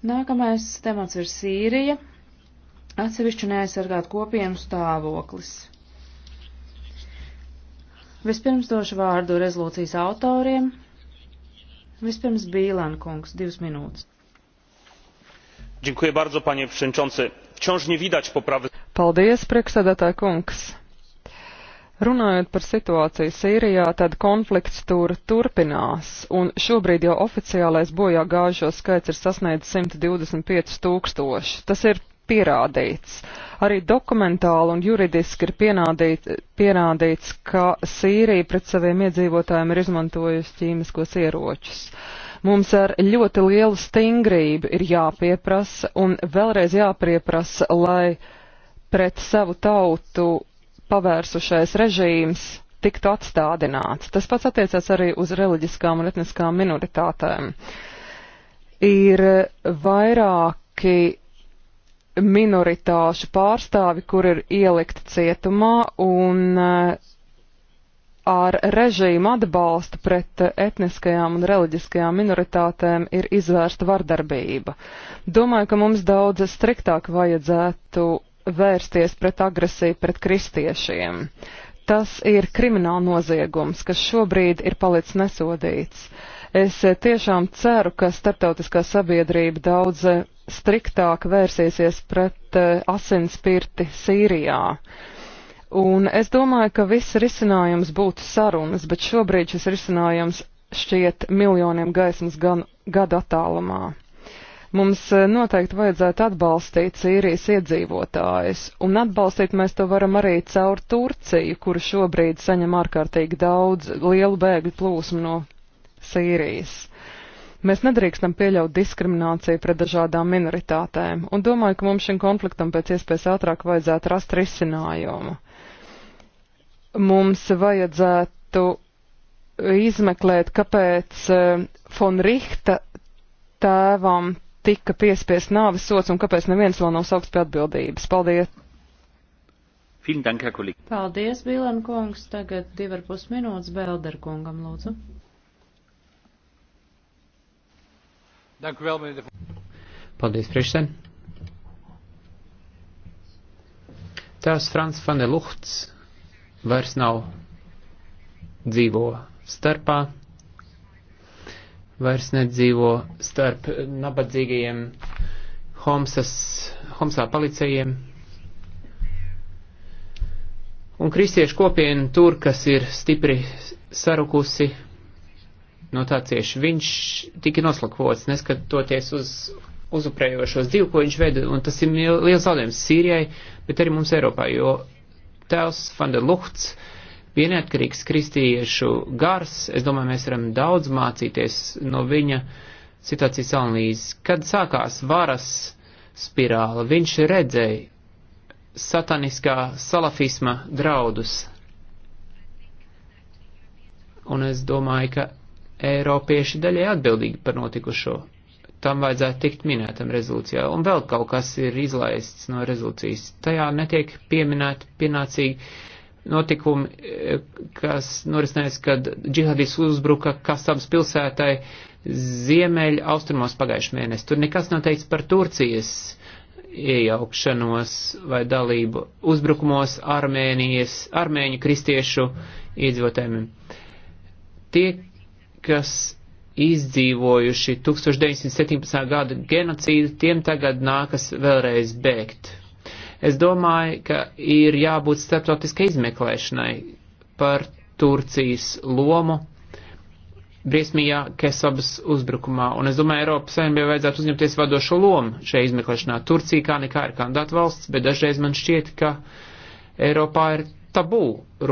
Nākamais temats ir Sīrija, atsevišķu neaizsargāt kopienu stāvoklis. Vispirms došu vārdu rezolūcijas autoriem. Vispirms Bīlankungs, divas minūtes. Dziękuję bardzo, panie przewodniczący. Wciąż nie widać poprawy. Paldies, priekšsēdētāj kungs Runājot par situāciju Sīrijā, tad konflikts tur turpinās, un šobrīd jau oficiālais bojā gājušo skaits ir sasniedzis 125 tūkstoši. Tas ir pierādīts. Arī dokumentāli un juridiski ir pienādīt, pierādīts, ka Sīrija pret saviem iedzīvotājiem ir izmantojusi ķīmiskos ieročus. Mums ar ļoti lielu stingrību ir jāpieprasa un vēlreiz jāpieprasa, lai pret savu tautu pavērsušais režīms tiktu atstādināts. Tas pats attiecās arī uz reliģiskām un etniskām minoritātēm. Ir vairāki minoritāšu pārstāvi, kur ir ielikti cietumā un eh, ar režīmu atbalstu pret etniskajām un reliģiskajām minoritātēm ir izvērsta vardarbība. Domāju, ka mums daudz striktāk vajadzētu vērsties pret agresiju pret kristiešiem. Tas ir krimināla noziegums, kas šobrīd ir palicis nesodīts. Es tiešām ceru, ka starptautiskā sabiedrība daudz striktāk vērsīsies pret eh, asinspirti Sīrijā. Un es domāju, ka viss risinājums būtu sarunas, bet šobrīd šis risinājums šķiet miljoniem gaismas gan, gadu attālumā. Mums eh, noteikti vajadzētu atbalstīt Sīrijas iedzīvotājus, un atbalstīt mēs to varam arī caur Turciju, kura šobrīd saņem ārkārtīgi daudz lielu bēgļu plūsmu no Sīrijas. Mēs nedrīkstam pieļaut diskrimināciju pret dažādām minoritātēm, un domāju, ka mums šim konfliktam pēc iespējas ātrāk vajadzētu rast risinājumu. Mums vajadzētu izmeklēt, kāpēc uh, von Rihta tēvam tika piespiest nāves sots un kāpēc neviens vēl nav saukts pie atbildības. Paldies! Dank, Paldies, Bīlan kungs. Tagad divi ar pus minūtes Belder kungam, lūdzu. Paldies, priekšsēd. Tās Frans Fane Luhts vairs nav dzīvo starpā vairs nedzīvo starp nabadzīgajiem Homsas, Homsā palicējiem. Un kristiešu kopiena tur, kas ir stipri sarukusi, no tā cieši viņš tika noslakvots, neskatoties uz uzuprējošos dzīvu, ko viņš veda, un tas ir liels zaudējums Sīrijai, bet arī mums Eiropā, jo tēls Fanda Luhts, uh, bija neatkarīgs kristiešu gars. Es domāju, mēs varam daudz mācīties no viņa situācijas analīzes. Kad sākās varas spirāla, viņš redzēja sataniskā salafisma draudus. Un es domāju, ka Eiropieši daļai atbildīgi par notikušo. Tam vajadzētu tikt minētam rezolūcijā. Un vēl kaut kas ir izlaists no rezolūcijas. Tajā netiek pieminēta pienācīgi notikumi, eh, kas norisinājās, kad džihadis uzbruka Kasabas pilsētai ziemeļa austrumos pagājušajā mēnesī. Tur nekas nav teikts par Turcijas iejaukšanos vai dalību uzbrukumos Armēnijas, armēņu kristiešu iedzīvotājiem. Tie, kas izdzīvojuši 1917. gada genocīdu, tiem tagad nākas vēlreiz bēgt Es domāju, ka ir jābūt starptautiskai izmeklēšanai par Turcijas lomu briesmīgā Kesabas uzbrukumā, un es domāju, Eiropas Savienībai vajadzētu uzņemties vadošo lomu šajā izmeklēšanā. Turcija kā nekā ir kandidāta valsts, bet dažreiz man šķiet, ka Eiropā ir tabū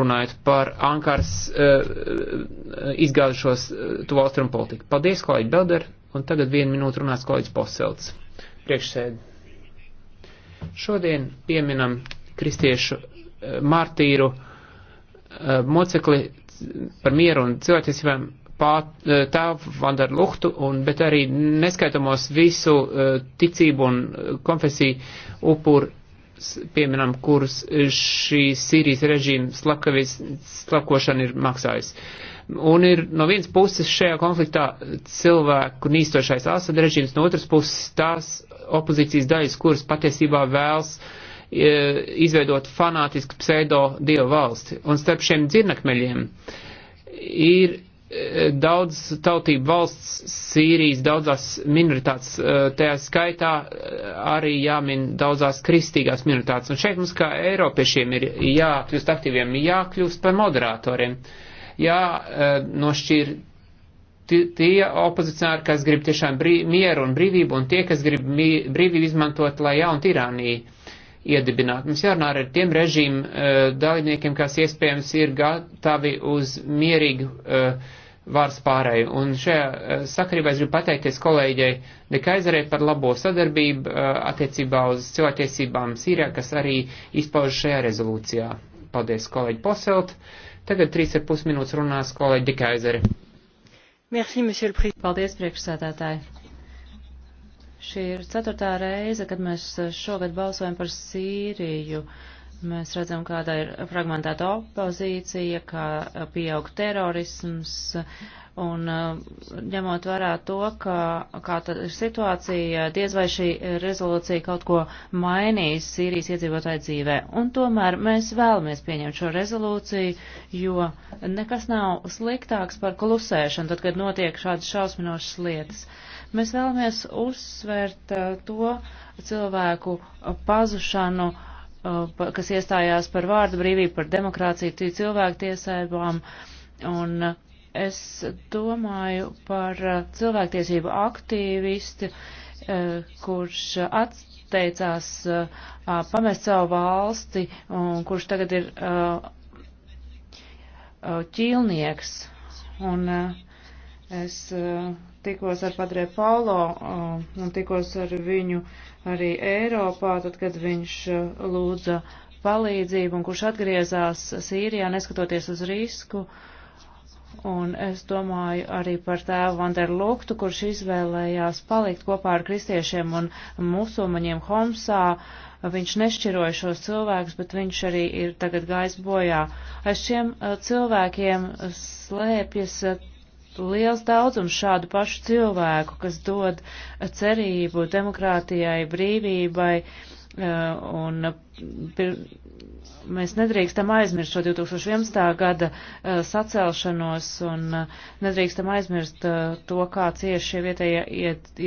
runājot par Ankaras uh, eh, eh, izgājušos uh, eh, tuvalstrumu politiku. Paldies, kolēģi Belder, un tagad vienu minūtu runās kolēģis Poselts. Priekšsēdi. Šodien pieminam kristiešu eh, martīru eh, mocekli par mieru un cilvēktiesībām eh, tēvu Vandaru Luhtu, un, bet arī neskaitamos visu ticību un konfesiju upuru pieminam, kurus šī Sīrijas režīma slakošana ir maksājusi. Un ir no vienas puses šajā konfliktā cilvēku nīstošais Asad režīms, no otras puses tās opozīcijas daļas, kuras patiesībā vēlas e, izveidot fanātisku pseido dievu valsti. Un starp šiem dzirnakmeļiem ir e, daudz tautību valsts Sīrijas daudzās minoritātes, e, tajā skaitā arī jāmin daudzās kristīgās minoritātes. Un šeit mums kā Eiropiešiem ir jākļūst aktīviem, jākļūst par moderatoriem, jānošķir tie opozicionāri, kas grib tiešām brī, mieru un brīvību, un tie, kas grib mī, brīvību izmantot, lai jaunu tirāniju iedibinātu. Mums jārunā ar tiem režīmu uh, eh, dalībniekiem, kas iespējams ir gatavi uz mierīgu uh, eh, vārds pārēju. Un šajā uh, sakarībā es gribu pateikties kolēģei Dekaizarē par labo sadarbību uh, attiecībā uz cilvēktiesībām Sīrijā, kas arī izpauž šajā rezolūcijā. Paldies, kolēģi Poselt. Tagad 3,5 minūtes runās kolēģi Dekaizarē. Merci, monsieur le président. Paldies, priekšsēdētāji. Šī ir ceturtā reize, kad mēs šogad balsojam par Sīriju. Mēs redzam, kāda ir fragmentēta opozīcija, kā pieaug terorisms, Un uh, ņemot vērā to, ka kā tad ir situācija, diez vai šī rezolūcija kaut ko mainīs Sīrijas iedzīvotāju dzīvē. Un tomēr mēs vēlamies pieņemt šo rezolūciju, jo nekas nav sliktāks par klusēšanu, tad, kad notiek šādas šausminošas lietas. Mēs vēlamies uzsvērt uh, to cilvēku pazušanu uh, kas iestājās par vārdu brīvību, par demokrāciju, cilvēku tiesībām, un uh, Es domāju par uh, cilvēktiesību aktīvisti, uh, kurš atteicās uh, pamest savu valsti un kurš tagad ir ķīlnieks. Un es tikos ar Padre Paulo un tikos ar viņu arī Eiropā, tad, kad viņš lūdza palīdzību un kurš atgriezās Sīrijā, neskatoties uz risku. Uh, un es domāju arī par tēvu Vanderluktu, kurš izvēlējās palikt kopā ar kristiešiem un musulmaņiem Homsā. Viņš nešķiroja šos cilvēkus, bet viņš arī ir tagad gājis bojā. Aiz šiem eh, cilvēkiem slēpjas eh, liels daudzums šādu pašu cilvēku, kas dod eh, cerību demokrātijai, brīvībai Eh, un pir, mēs nedrīkstam aizmirst šo 2011. gada eh, sacelšanos un eh, nedrīkstam aizmirst to, kā cieši šie vietējie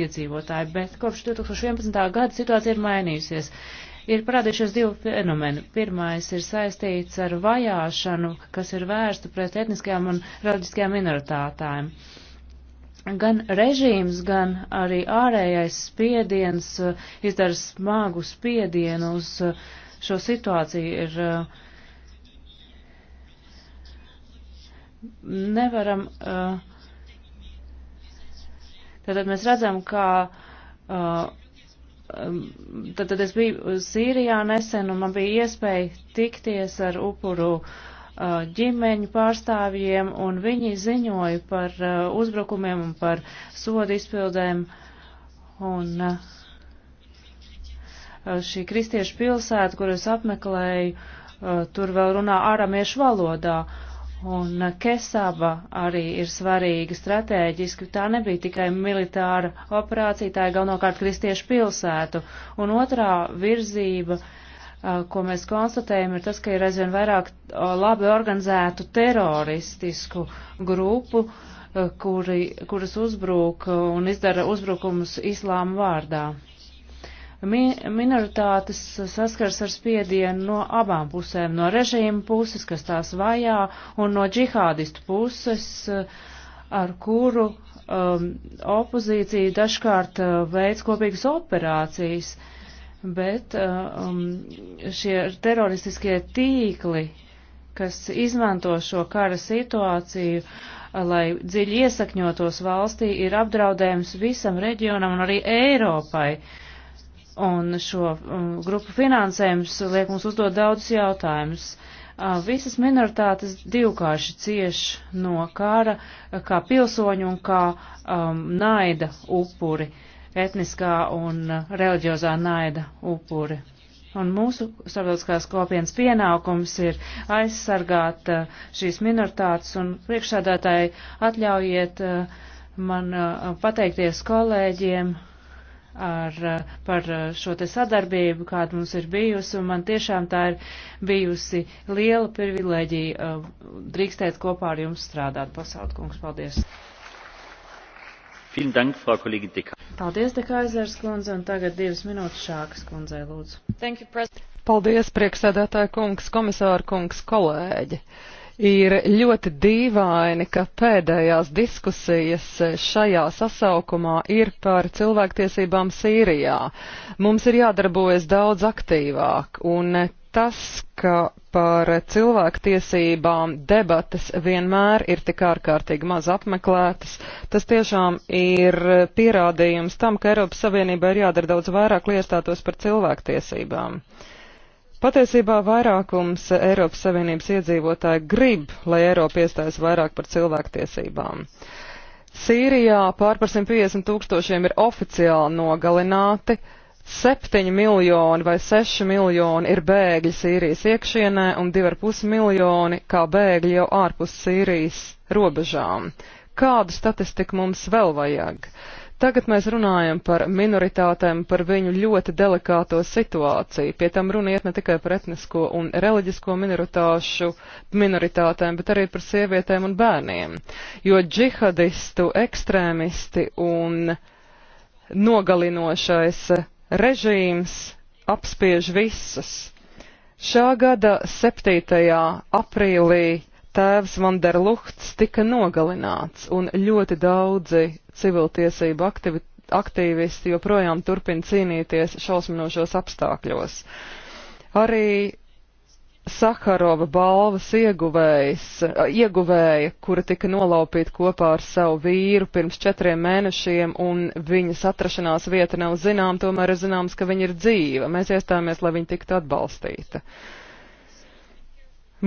iedzīvotāji. Bet kopš 2011. gada situācija ir mainījusies ir parādījušies divi fenomeni. Pirmais ir saistīts ar vajāšanu, kas ir vērsta pret etniskajām un reliģiskajām minoritātēm gan režīms, gan arī ārējais spiediens eh, izdara smagu spiedienu uz eh, šo situāciju. Ir, eh, nevaram. Tātad mēs redzam, kā. Tad, tad es biju Sīrijā nesen un man bija iespēja tikties ar upuru uh, Uh, ģimeņu pārstāvjiem, un viņi ziņoja par uh, uzbrukumiem un par sodu izpildēm. Un uh, šī kristiešu pilsēta, kur es apmeklēju, tur vēl runā āramiešu valodā. Un Kesaba arī ir svarīga strateģiski. Tā nebija tikai militāra operācija, tā ir galvenokārt kristiešu pilsētu. Un otrā virzība uh, Eh, ko mēs konstatējam, ir tas, ka ir aizvien vairāk eh, labi organizētu teroristisku grupu, eh, kuri, kuras uzbrūk un izdara uzbrukumus islāma vārdā. Minoritātes saskars ar spiedienu no abām pusēm, no režīma puses, kas tās vajā, un no džihādistu puses, ar kuru um, opozīcija dažkārt veids kopīgas operācijas. Uh, bet uh, um, šie teroristiskie tīkli, kas izmanto šo kara situāciju, uh, lai dziļi iesakņotos valstī, ir apdraudējums visam reģionam un arī Eiropai. Un šo um, grupu finansējums liek mums uzdot daudzus jautājumus. Uh, visas minoritātes divkārši cieš no kara uh, kā pilsoņu un kā um, naida upuri. Uh, etniskā un reliģiozā naida upuri. Un mūsu starptautiskās kopienas pienākums ir aizsargāt uh, šīs minoritātes un priekšsādātāji atļaujiet uh, man uh, pateikties kolēģiem ar, par šo te sadarbību, kāda mums ir bijusi, un man tiešām tā ir bijusi liela privileģija drīkstēt kopā ar jums strādāt. Pasautkungs, paldies! Dank, Paldies, Dekaizers kundze, un tagad divas minūtes šākas kundzei, lūdzu. You, Paldies, prieksēdētāja kungs, komisāra kungs, kolēģi. Ir ļoti dīvaini, ka pēdējās diskusijas šajā sasaukumā ir par cilvēktiesībām Sīrijā. Mums ir jādarbojas daudz aktīvāk, un tas, ka par cilvēktiesībām debatas vienmēr ir tik ārkārtīgi maz apmeklētas. Tas tiešām ir pierādījums tam, ka Eiropas Savienībā ir jādara daudz vairāk, lai iestātos par cilvēktiesībām. Patiesībā vairākums Eiropas Savienības iedzīvotāji grib, lai Eiropa iestājas vairāk par cilvēktiesībām. Sīrijā pār par 150 tūkstošiem ir oficiāli nogalināti, 7 miljoni vai 6 miljoni ir bēgļi Sīrijas iekšienē un 2,5 miljoni kā bēgļi jau ārpus Sīrijas robežām. Kādu statistiku mums vēl vajag? Tagad mēs runājam par minoritātēm, par viņu ļoti delikāto situāciju. Pie tam runa iet ne tikai par etnisko un reliģisko minoritāšu minoritātēm, bet arī par sievietēm un bērniem. Jo džihadistu, ekstrēmisti un nogalinošais režīms apspiež visus. Šā gada 7. aprīlī tēvs Vanderluhts tika nogalināts, un ļoti daudzi civiltiesību aktivi aktīvisti joprojām turpina cīnīties šausminošos apstākļos. Arī Saharova balvas ieguvējs, ieguvēja, kura tika nolaupīta kopā ar savu vīru pirms četriem mēnešiem, un viņas atrašanās vieta nav zinām, tomēr ir zināms, ka viņa ir dzīva. Mēs iestājāmies, lai viņa tiktu atbalstīta.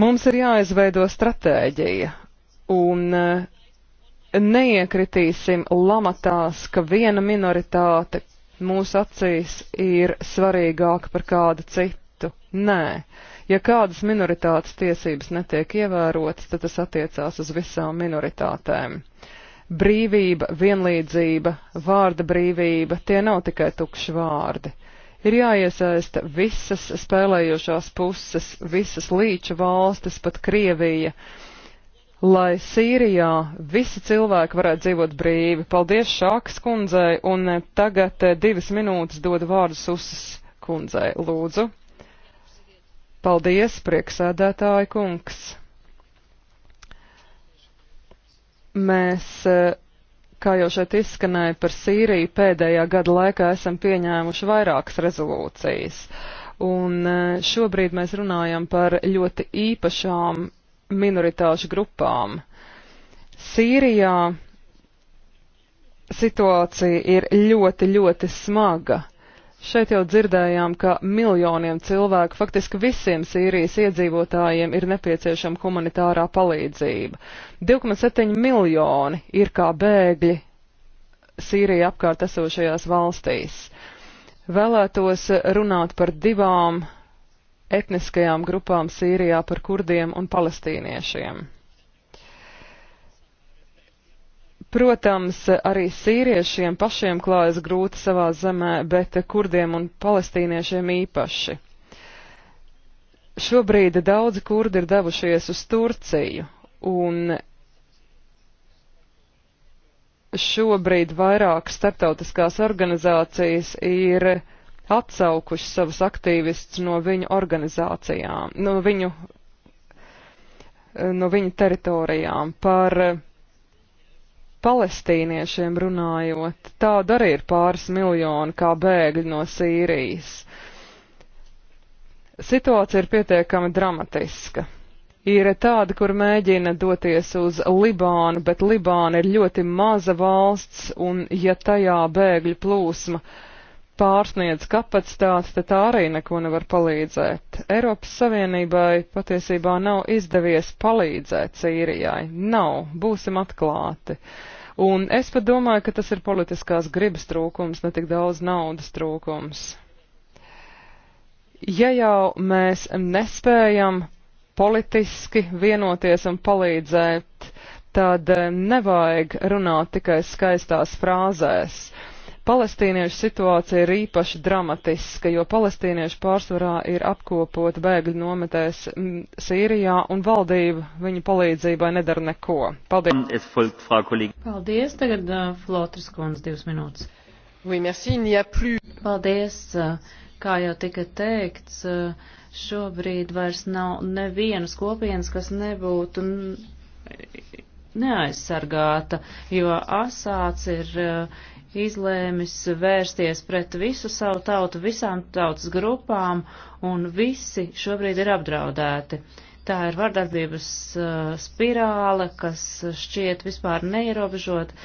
Mums ir jāizveido stratēģija, un eh, neiekritīsim lamatās, ka viena minoritāte mūsu acīs ir svarīgāka par kādu citu. Nē. Ja kādas minoritātes tiesības netiek ievērotas, tad tas attiecās uz visām minoritātēm. Brīvība, vienlīdzība, vārda brīvība - tie nav tikai tukši vārdi. Ir jāiesaista visas spēlējošās puses, visas līča valstis, pat Krievija lai Sīrijā visi cilvēki varētu dzīvot brīvi. Paldies Šākas kundzei, un tagad eh, divas minūtes dodu vārdu Susas kundzei. Lūdzu. Paldies, prieksēdētāji kungs! Mēs, eh, kā jau šeit izskanēja par Sīriju, pēdējā gada laikā esam pieņēmuši vairākas rezolūcijas. Un eh, šobrīd mēs runājam par ļoti īpašām minoritāšu grupām. Sīrijā situācija ir ļoti, ļoti smaga. Šeit jau dzirdējām, ka miljoniem cilvēku, faktiski visiem Sīrijas iedzīvotājiem, ir nepieciešama humanitārā palīdzība. 2,7 miljoni ir kā bēgļi Sīrija apkārt esošajās valstīs. Vēlētos runāt par divām etniskajām grupām Sīrijā, par kurdiem un palestīniešiem. Protams, arī sīriešiem pašiem klājas grūti savā zemē, bet kurdiem un palestīniešiem īpaši. Šobrīd daudzi kurdi ir devušies uz Turciju, un šobrīd vairāk starptautiskās organizācijas ir atsaukuši savus aktīvistus no viņu organizācijām, no viņu, no viņu teritorijām par palestīniešiem runājot, tāda arī ir pāris miljoni kā bēgļi no Sīrijas. Situācija ir pietiekami dramatiska. Ir tāda, kur mēģina doties uz Libānu, bet Libāna ir ļoti maza valsts, un ja tajā bēgļu plūsma pārsniedz kapacitāti, tad tā arī neko nevar palīdzēt. Eiropas Savienībai patiesībā nav izdevies palīdzēt Sīrijai. Nav, būsim atklāti. Uh, Un es pat domāju, ka tas ir politiskās gribas trūkums, ne tik daudz naudas trūkums. Ja jau mēs nespējam politiski vienoties un palīdzēt, tad eh, nevajag runāt tikai skaistās frāzēs. Uh, Palestīniešu situācija ir īpaši dramatiska, jo palestīnieši pārsvarā ir apkopot bēgļu nometēs Sīrijā un valdība viņu palīdzībai nedara neko. Paldies. Paldies. Tagad uh, Flotras kundze divas minūtes. Oui, merci, plus... Paldies. Uh, kā jau tika teikts, uh, šobrīd vairs nav nevienas kopienas, kas nebūtu neaizsargāta, jo Asāds ir uh, izlēmis vērsties pret visu savu tautu, visām tautas grupām, un visi šobrīd ir apdraudēti. Tā ir vardarbības uh, spirāle, kas šķiet vispār neierobežot.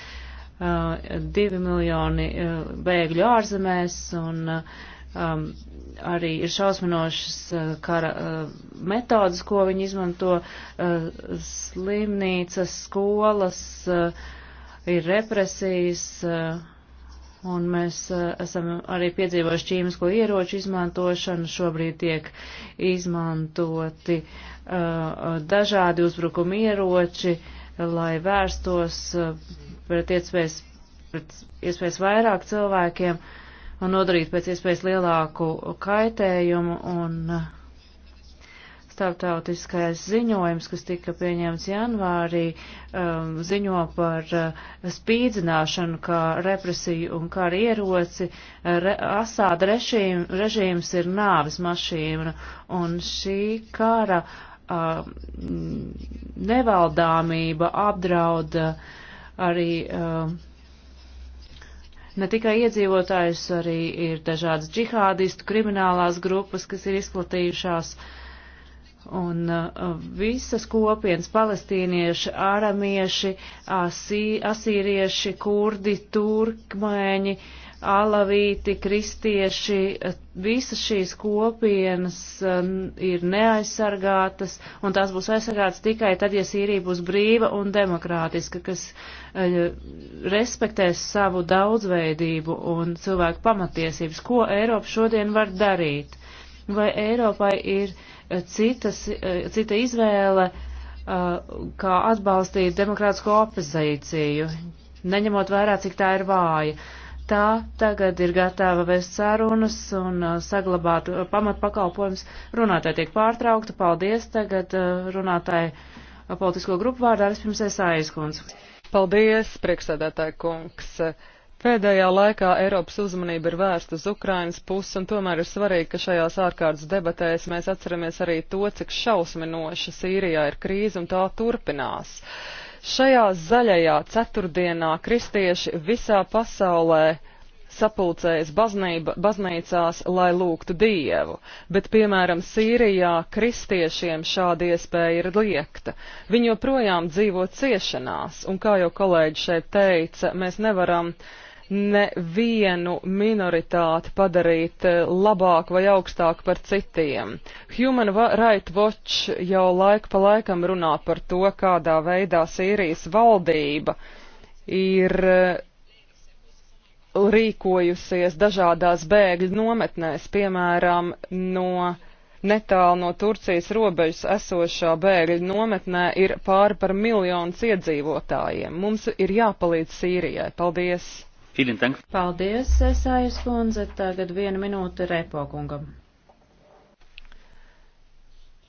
Uh, divi miljoni bēgļu ārzemēs un uh, um, arī ir šausminošas uh, kara uh, metodas, ko viņi izmanto, uh, slimnīcas, skolas, uh, ir represijas, uh, un mēs uh, esam arī piedzīvojuši ķīmisko ieroču izmantošanu, šobrīd tiek izmantoti uh, dažādi uzbrukumi ieroči, lai vērstos uh, pret iespējas, pret iespējas vairāk cilvēkiem. Uh, nodarīt pēc iespējas lielāku kaitējumu un uh, starptautiskais ziņojums, kas tika pieņemts janvārī, um, ziņo par uh, spīdzināšanu kā represiju un kā ieroci. Re, Asāda režīm, režīms ir nāvis mašīna, un šī kara uh, nevaldāmība apdrauda uh, arī uh, Ne tikai iedzīvotājus, arī ir dažādas džihādistu kriminālās grupas, kas ir izplatījušās. Un uh, visas kopienas - palestīnieši, āramieši, asī, asīrieši, kurdi, turkmēņi, uh, alavīti, kristieši, visas šīs kopienas um, ir neaizsargātas, un tās būs aizsargātas tikai tad, ja Sīrija būs brīva un demokrātiska, kas uh, respektēs savu daudzveidību un cilvēku pamatiesības. Ko Eiropa šodien var darīt? Vai Eiropai ir uh, citas, uh, cita izvēle, kā atbalstīt demokrātisko opozīciju, neņemot vērā, cik tā ir vāja? tā tagad ir gatava vēst sarunas un uh, saglabāt uh, pamatpakalpojums. Runātāji tiek pārtraukta. Paldies tagad uh, runātāji uh, politisko grupu vārdā. Vispirms es aizkundzu. Paldies, priekšsēdētāji kungs. Pēdējā laikā Eiropas uzmanība ir vērsta uz Ukrainas pusi, un tomēr ir svarīgi, ka šajās ārkārtas debatēs mēs atceramies arī to, cik šausminoša Sīrijā ir krīze, un tā turpinās. Uh, Šajā zaļajā ceturtdienā kristieši visā pasaulē sapulcējas baznība, baznīcās, lai lūgtu Dievu, bet, piemēram, Sīrijā kristiešiem šāda iespēja ir liekta. Viņi joprojām dzīvo ciešanās, un, kā jau kolēģi šeit teica, mēs nevaram uh, nevienu minoritāti padarīt eh, labāku vai augstāku par citiem. Human Rights Watch jau laika pa laikam runā par to, kādā veidā Sīrijas valdība ir eh, rīkojusies dažādās bēgļu nometnēs, piemēram, no netālu no Turcijas robežas esošā bēgļu nometnē ir pāri par miljonus iedzīvotājiem. Mums ir jāpalīdz Sīrijai. Paldies! Paldies, Esājas kundze. Tagad viena minūte repokungam.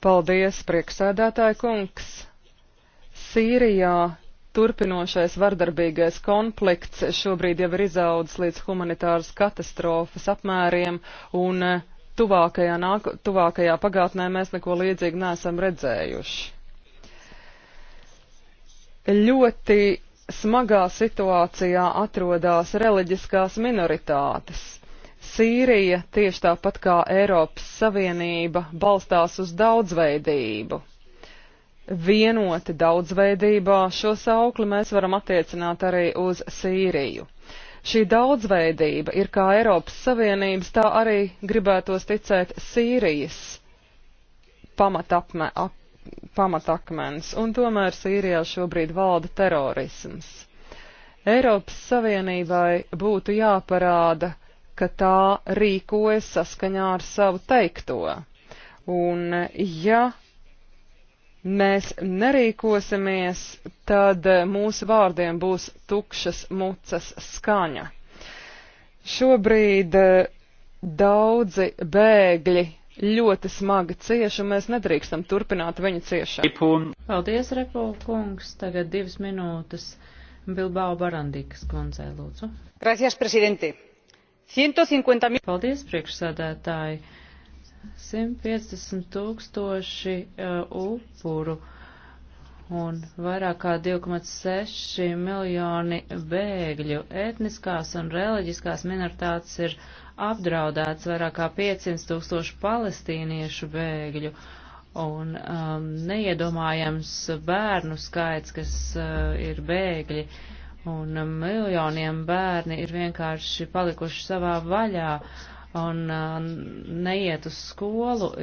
Paldies, prieksēdētāja kungs. Sīrijā turpinošais vardarbīgais konflikts šobrīd jau ir izaudzis līdz humanitāras katastrofas apmēriem, un eh, tuvākajā, nāk, tuvākajā pagātnē mēs neko līdzīgu neesam redzējuši. Ļoti smagā situācijā atrodas reliģiskās minoritātes. Sīrija, tieši tāpat kā Eiropas Savienība, balstās uz daudzveidību. Vienoti daudzveidībā šo saukli mēs varam attiecināt arī uz Sīriju. Šī daudzveidība ir kā Eiropas Savienības, tā arī gribētos ticēt Sīrijas pamatapme, ap, pamatakmens, un tomēr Sīrijā šobrīd valda terorisms. Eiropas Savienībai būtu jāparāda, ka tā rīkojas saskaņā ar savu teikto. Un ja mēs nerīkosimies, tad mūsu vārdiem būs tukšas mucas skaņa. Šobrīd eh, daudzi bēgļi ļoti smagi cieši, un mēs nedrīkstam turpināt viņu ciešanu. Paldies, Repo kungs. Tagad divas minūtes Bilbao Barandikas kundzei, lūdzu. Gracias, prezidente. 150 mil... Paldies, priekšsēdētāji. 150 tūkstoši uh, upuru un vairāk kā 2,6 miljoni bēgļu etniskās un reliģiskās minoritātes ir uh, apdraudēts vairāk kā 500 tūkstoši palestīniešu bēgļu un um, neiedomājams bērnu skaits, kas uh, ir bēgļi, un um, miljoniem bērni ir vienkārši palikuši savā vaļā un uh, neiet uz skolu,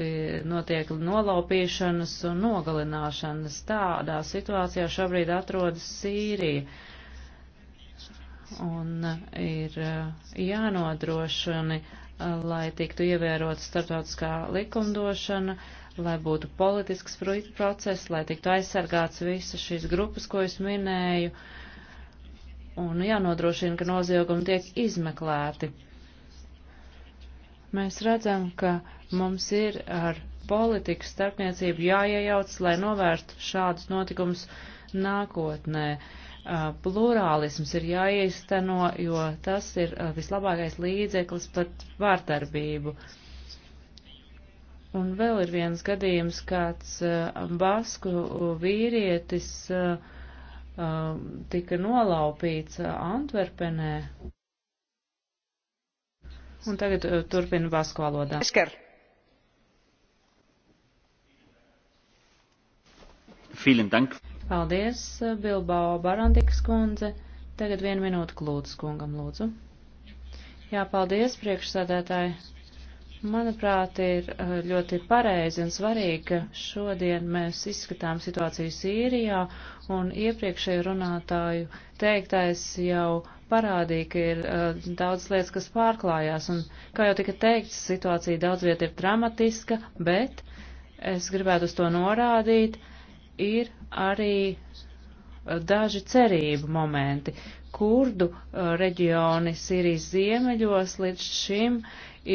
notiek nolaupīšanas un nogalināšanas. Tādā situācijā šobrīd atrodas Sīrija. Uh, un uh, ir uh, jānodrošina, uh, lai tiktu ievērot starptautiskā likumdošana, lai būtu politisks process, lai tiktu aizsargāts visas šīs grupas, ko es minēju, un jānodrošina, ka noziegumi tiek izmeklēti. Mēs redzam, ka mums ir ar politikas starpniecību jāiejauc, lai novērstu šādus notikumus nākotnē. Uh, Uh, plurālisms ir jāiesteno, jo tas ir uh, vislabākais līdzeklis pat vārdarbību. Un vēl ir viens gadījums, kāds uh, basku vīrietis um, tika nolaupīts Antverpenē. Un tagad turpina basku valodā. Esker. Vielen Dank. Paldies, eh, Bilbao Barandikas kundze. Tagad vienu minūtu klūdzu kungam, lūdzu. Jā, paldies, priekšsādētāji. Manuprāt, ir eh, ļoti pareizi un svarīgi, ka šodien mēs izskatām situāciju Sīrijā, un iepriekšēju runātāju teiktais jau parādīja, ka ir uh, daudz lietas, kas pārklājās, un, kā jau tika teikts, situācija daudz viet ir dramatiska, bet es gribētu uz to norādīt, uh, ir arī eh, daži cerību momenti. Kurdu eh, reģioni Sīrijas ziemeļos līdz šim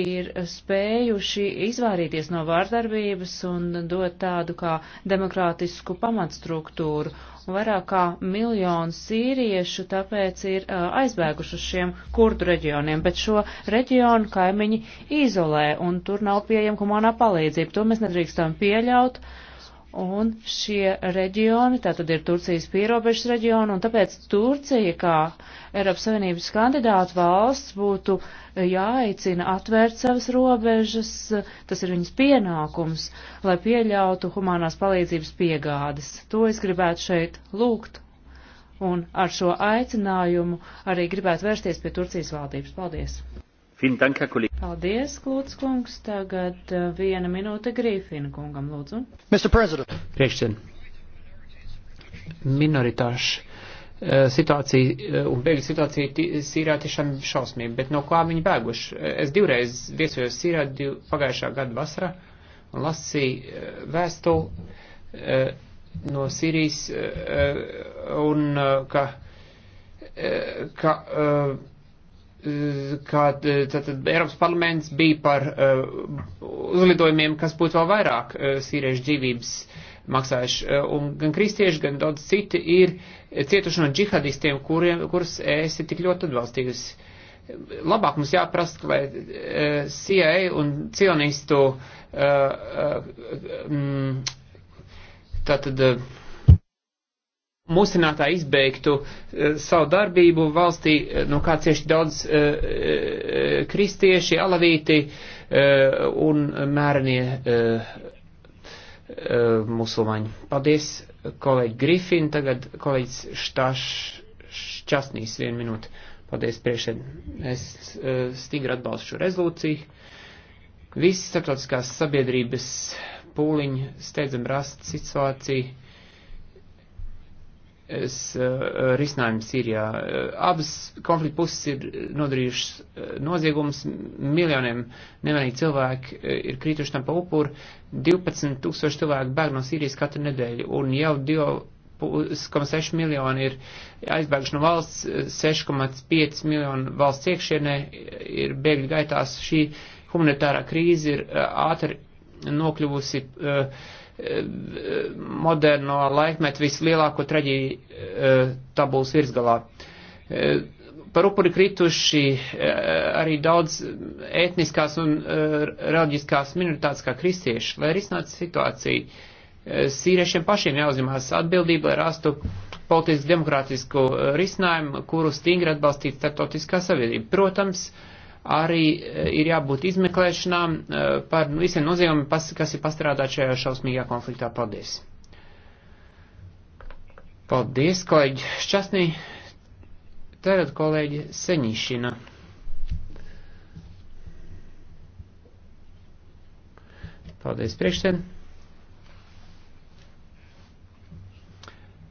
ir eh, spējuši izvairīties no vārdarbības un dot tādu kā demokrātisku pamatstruktūru. Un vairāk kā miljonu sīriešu tāpēc ir aizbēguši uz šiem kurdu reģioniem, bet šo reģionu kaimiņi izolē un tur nav pieejama humanā palīdzība. To mēs nedrīkstam pieļaut. Uh, Un šie reģioni, tātad ir Turcijas pierobežas reģioni, un tāpēc Turcija kā Eiropas Savienības kandidāta valsts būtu jāaicina atvērt savas robežas, tas ir viņas pienākums, lai pieļautu humanās palīdzības piegādes. To es gribētu šeit lūgt, un ar šo aicinājumu arī gribētu vērsties pie Turcijas valdības. Paldies! Paldies, Klūts kungs. Tagad uh, viena minūte Grīfina kungam, lūdzu. Priekšsēd. Minoritāšu uh, situācija uh, un bēgļu situācija Sīrijā tiešām šausmīga, bet no kā viņi bēguši? Es divreiz viesojos Sīrijā div, pagājušā gada vasarā un lasīju vēstuli no Sīrijas un ka, ka kad tātad, Eiropas parlaments bija par uh, uzlidojumiem, kas būtu vēl vairāk uh, sīriešu dzīvības maksājuši. Uh, un gan kristieši, gan daudz citi ir cietuši no džihadistiem, kuriem, kurus es ir tik ļoti atbalstījusi. Labāk mums jāprast, lai uh, CIA un cionistu uh, uh, um, tātad. Uh, musinātā izbeigtu uh, savu darbību valstī, eh, no kā cieši daudz uh, kristieši, alavīti uh, un mērenie uh, uh, musulmaņi. Paldies, kolēģi Grifin, tagad kolēģis Štaš Ščasnīs vienu minūti. Paldies, priekšēd. Es uh, stingri atbalstu šo rezolūciju. Visi starptautiskās sabiedrības pūliņi steidzam rast situāciju Eh, risinājumu Sīrijā. Eh, abas konflikta puses ir nodarījušas eh, noziegumus, miljoniem nevainīgi cilvēki ir krituši tam pa upuru, 12 tūkstoši cilvēku bēg no Sīrijas katru nedēļu, un jau 2,6 miljoni ir aizbēguši no valsts, 6,5 miljoni valsts iekšienē ir bēgļu gaitās. Šī humanitārā krīze ir ātri nokļuvusi. Uh, moderno laikmetu vislielāko traģiju e, tabulas virsgalā. E, par upuri krituši e, arī daudz etniskās un reliģiskās minoritātes kā kristieši, lai risinātu situāciju. Sīriešiem pašiem jāuzņemās atbildība, lai rastu politisku demokrātisku risinājumu, kuru stingri atbalstītu starptautiskā savienība. Protams, uh, arī e, ir jābūt izmeklēšanām e, par visiem nozīmēm, kas ir pastrādāti šajā šausmīgā konfliktā. Paldies! Paldies, kolēģi Šķasnī! Tagad kolēģi Seņišina. Paldies priekšsēdētājiem!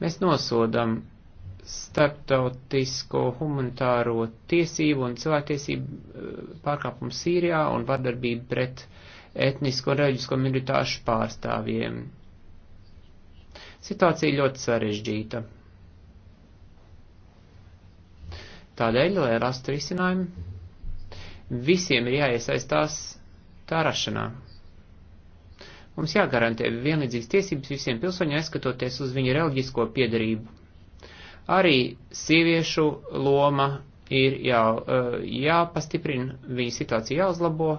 Mēs nosodam starptautisko humanitāro tiesību un cilvēktiesību eh, pārkāpumu Sīrijā un vardarbību pret etnisko un reliģisko minoritāšu pārstāvjiem. Situācija ļoti sarežģīta. Tādēļ, lai rastu risinājumu, visiem ir jāiesaistās tā rašanā. Mums jāgarantē vienlīdzīgas tiesības visiem pilsoņiem, skatoties uz viņu reliģisko piedarību Arī sieviešu loma ir jā, e, jāpastiprina, viņa situācija jāuzlabo.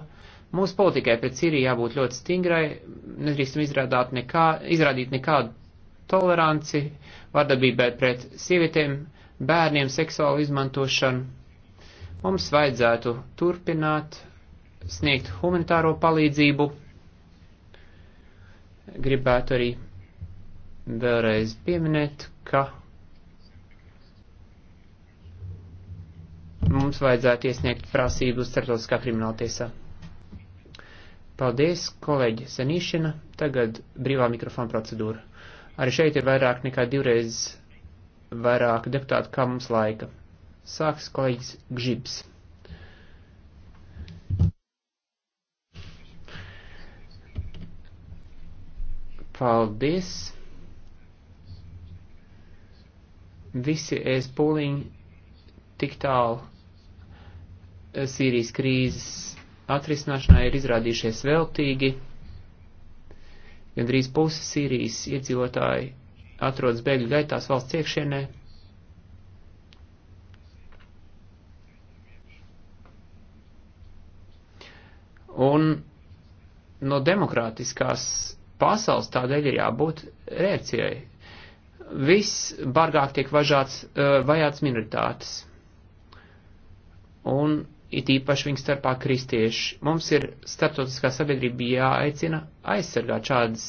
Mūsu politikai pret Sīriju jābūt ļoti stingrai, nedrīkstam izrādāt nekā, izrādīt nekādu toleranci vardarbībai pret sievietēm, bērniem, seksuālu izmantošanu. Mums vajadzētu turpināt sniegt humanitāro palīdzību. Gribētu arī vēlreiz pieminēt, ka mums vajadzētu iesniegt prasību starptautiskā krimināla tiesā. Paldies, kolēģi Senīšana. Tagad brīvā mikrofona procedūra. Arī šeit ir vairāk nekā divreiz vairāk deputātu, kā mums laika. Sāks kolēģis Gžibs. Paldies. Visi es pūliņi tik tālu Sīrijas krīzes atrisināšanai ir izrādījušies veltīgi. Gandrīz puse Sīrijas iedzīvotāji atrodas bēgļu gaitās valsts iekšienē. Un no demokrātiskās pasaules tādēļ ir jābūt rēcijai. Viss bargāk tiek važāts, eh, vajāts minoritātes. Un it īpaši viņu starpā kristieši. Mums ir starptautiskā sabiedrība jāaicina aizsargāt šādas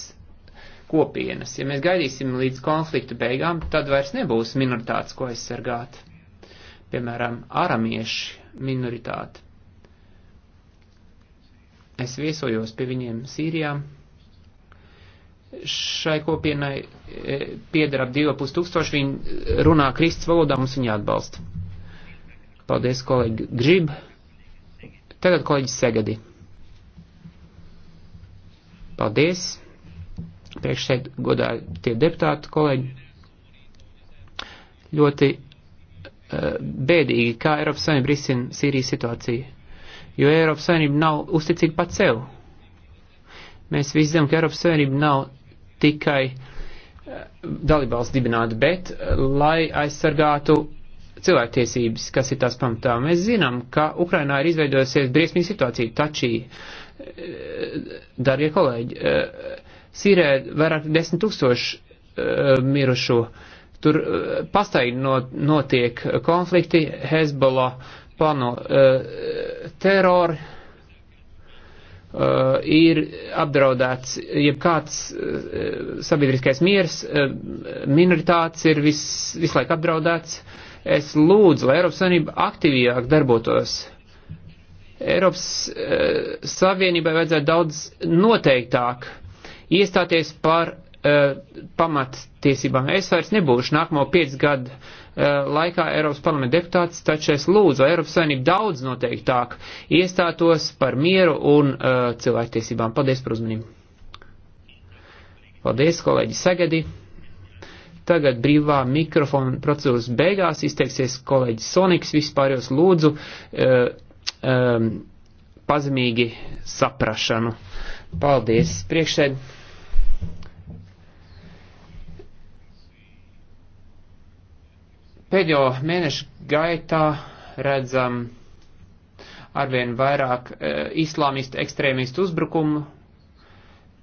kopienas. Ja mēs gaidīsim līdz konfliktu beigām, tad vairs nebūs minoritātes, ko aizsargāt. Piemēram, aramiešu minoritāte. Es viesojos pie viņiem Sīrijā. Šai kopienai e, pieder ap 2,5 tūkstoši, viņi runā kristas valodā, mums viņi atbalsta. Paldies, kolēģi Grib. Tagad kolēģis Segadi. Paldies. Priekšsēd godā tie deputāti kolēģi. Ļoti uh, bēdīgi, kā Eiropas Savienība risina Sīrijas situāciju. Jo Eiropas Savienība nav uzticīga pat sev. Mēs visi zinām, ka Eiropas Savienība nav tikai uh, dalībvalsts dibināta, bet uh, lai aizsargātu cilvēktiesības, kas ir tās pamatā. Mēs zinām, ka Ukrainā ir izveidojusies briesmīga situācija, tačī, eh, darbie kolēģi, eh, Sīrē vairāk desmit tūkstoši eh, mirušo, tur pastaigi notiek konflikti, Hezbollah plano terori, uh, ir apdraudēts jebkāds uh, sabiedriskais miers, uh, minoritāts ir vis, visu laiku apdraudēts. Uh, Es lūdzu, lai Eiropas Savienība aktīvāk darbotos. Eiropas uh, Savienībai vajadzētu daudz noteiktāk iestāties par uh, pamattiesībām. Es vairs nebūšu nākamo piecu gadu uh, laikā Eiropas parlamenta deputāts, taču es lūdzu, lai Eiropas Savienība daudz noteiktāk iestātos par mieru un uh, cilvēktiesībām. Paldies par uzmanību. Paldies, kolēģi Sagadi. Tagad brīvā mikrofona procedūras beigās izteiksies kolēģis Soniks. Vispār jūs lūdzu uh, um, pazemīgi saprašanu. Paldies, priekšēd. Pēdējo mēnešu gaitā redzam arvien vairāk e, uh, islāmistu ekstrēmistu uzbrukumu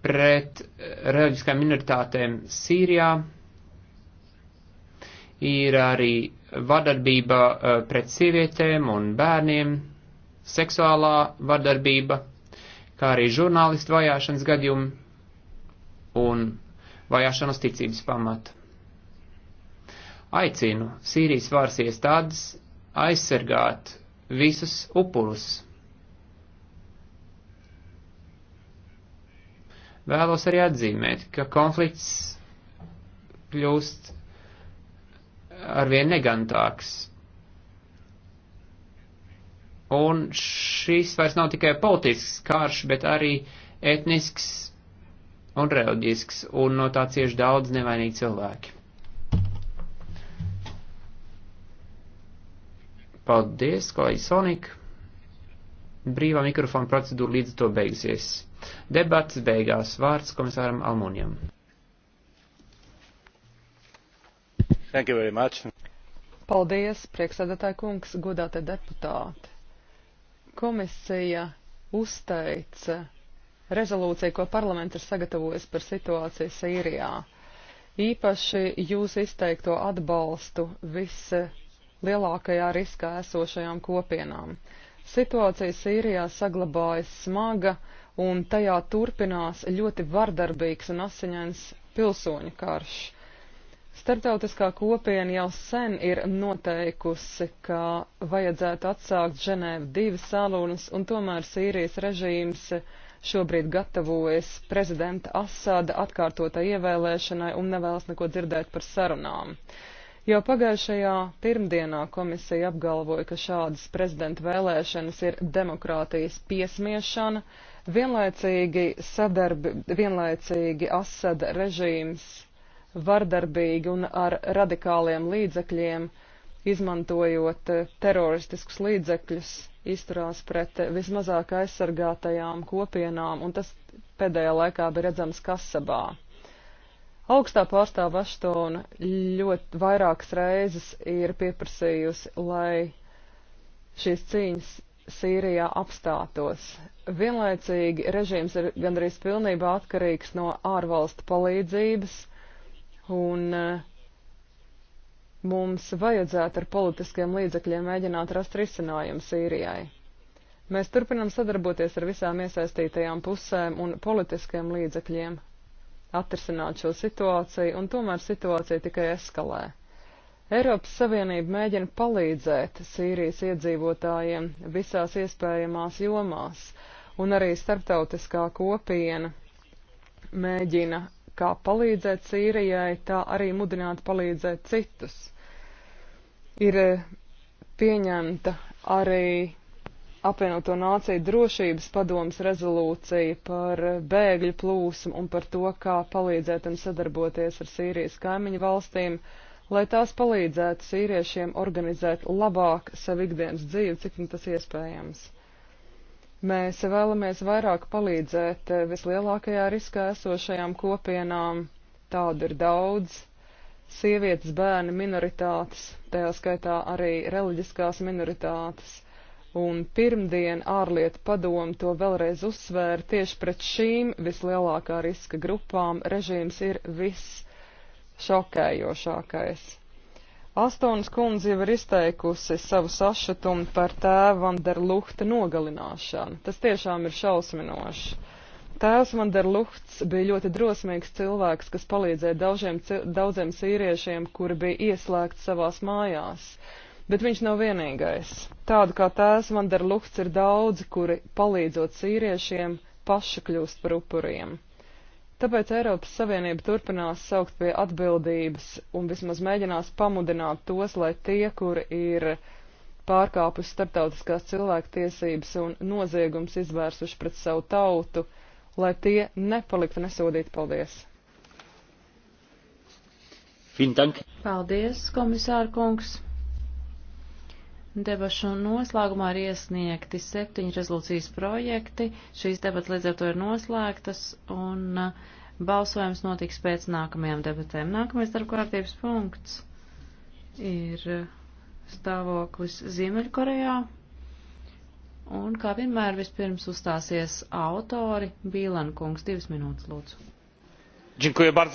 pret eh, reliģiskām minoritātēm Sīrijā, ir arī vardarbība e, pret sievietēm un bērniem, seksuālā vardarbība, kā arī žurnālistu vajāšanas gadījumi un vajāšanas ticības pamata. Aicinu Sīrijas vārs iestādes aizsargāt visus upurus. Vēlos arī atzīmēt, ka konflikts kļūst arvien negantāks. Un šis vairs nav tikai politisks karš, bet arī etnisks un reliģisks, un no tā cieši daudz nevainīgi cilvēki. Paldies, kolēģi Sonika. Brīvā mikrofona procedūra līdz to beigsies. Debats beigās vārds komisāram Almunijam. Thank you very much. Paldies, prieksēdētāji kungs, godātie deputāti. Komisija uzteica rezolūciju, ko parlaments ir sagatavojis par situāciju Sīrijā. Īpaši jūs izteikto atbalstu vislielākajā riskā esošajām kopienām. Situācija Sīrijā saglabājas smaga un tajā turpinās ļoti vardarbīgs un asiņains pilsoņu karš. Starptautiskā kopiena jau sen ir noteikusi, ka vajadzētu atsākt Ženēvu divas salunas, un tomēr Sīrijas režīms šobrīd gatavojas prezidenta Asāda atkārtotai ievēlēšanai un nevēlas neko dzirdēt par sarunām. Jau pagājušajā pirmdienā komisija apgalvoja, ka šādas prezidenta vēlēšanas ir demokrātijas piesmiešana, vienlaicīgi sadarbi, vienlaicīgi Asada režīms vardarbīgi un ar radikāliem līdzekļiem, izmantojot eh, teroristiskus līdzekļus, izturās pret eh, vismazāk aizsargātajām kopienām, un tas pēdējā laikā bija redzams Kasabā. Augstā pārstāva Aštona ļoti vairākas reizes ir pieprasījusi, lai šīs cīņas Sīrijā apstātos. Vienlaicīgi režīms ir gandrīz pilnībā atkarīgs no ārvalstu palīdzības, un eh, mums vajadzētu ar politiskiem līdzekļiem mēģināt rast risinājumu Sīrijai. Mēs turpinam sadarboties ar visām iesaistītajām pusēm un politiskiem līdzekļiem atrisināt šo situāciju, un tomēr situācija tikai eskalē. Eiropas Savienība mēģina palīdzēt Sīrijas iedzīvotājiem visās iespējamās jomās, un arī starptautiskā kopiena mēģina kā palīdzēt Sīrijai, tā arī mudināt palīdzēt citus. Ir eh, pieņemta arī apvienoto nāciju drošības padomas rezolūcija par eh, bēgļu plūsmu un par to, kā palīdzēt un sadarboties ar Sīrijas kaimiņu valstīm, lai tās palīdzētu sīriešiem organizēt labāk savu ikdienas dzīvi, cik nu tas iespējams. Mēs vēlamies vairāk palīdzēt eh, vislielākajā riskā esošajām kopienām. Tāda ir daudz. Sievietes, bērni, minoritātes, tajā skaitā arī reliģiskās minoritātes. Un pirmdien ārlietu padomu to vēlreiz uzsvēra tieši pret šīm vislielākā riska grupām režīms ir viss šokējošākais. Astonas kundze jau ir izteikusi savu sašutumu par tēvu Vanderluhta nogalināšanu. Tas tiešām ir šausminoši. Tēvs Vanderluhts bija ļoti drosmīgs cilvēks, kas palīdzēja daužiem, daudziem sīriešiem, kuri bija ieslēgti savās mājās. Bet viņš nav vienīgais. Tādu kā tēvs Vanderluhts ir daudzi, kuri palīdzot sīriešiem, paši kļūst par upuriem. Tāpēc Eiropas Savienība turpinās saukt pie atbildības un vismaz mēģinās pamudināt tos, lai tie, kuri ir pārkāpuši starptautiskās cilvēktiesības un noziegums izvērsuši pret savu tautu, lai tie nepaliktu nesodīti. Paldies! Paldies, komisāra kungs! Debašu noslēgumā ir iesniegti septiņi rezolūcijas projekti. Šīs debatas līdz ar to ir noslēgtas un uh, balsojums notiks pēc nākamajām debatēm. Nākamais darbkārtības punkts ir uh, stāvoklis Ziemeļkorejā. Un kā vienmēr vispirms uzstāsies autori Bīlankungs. Divas minūtes, lūdzu.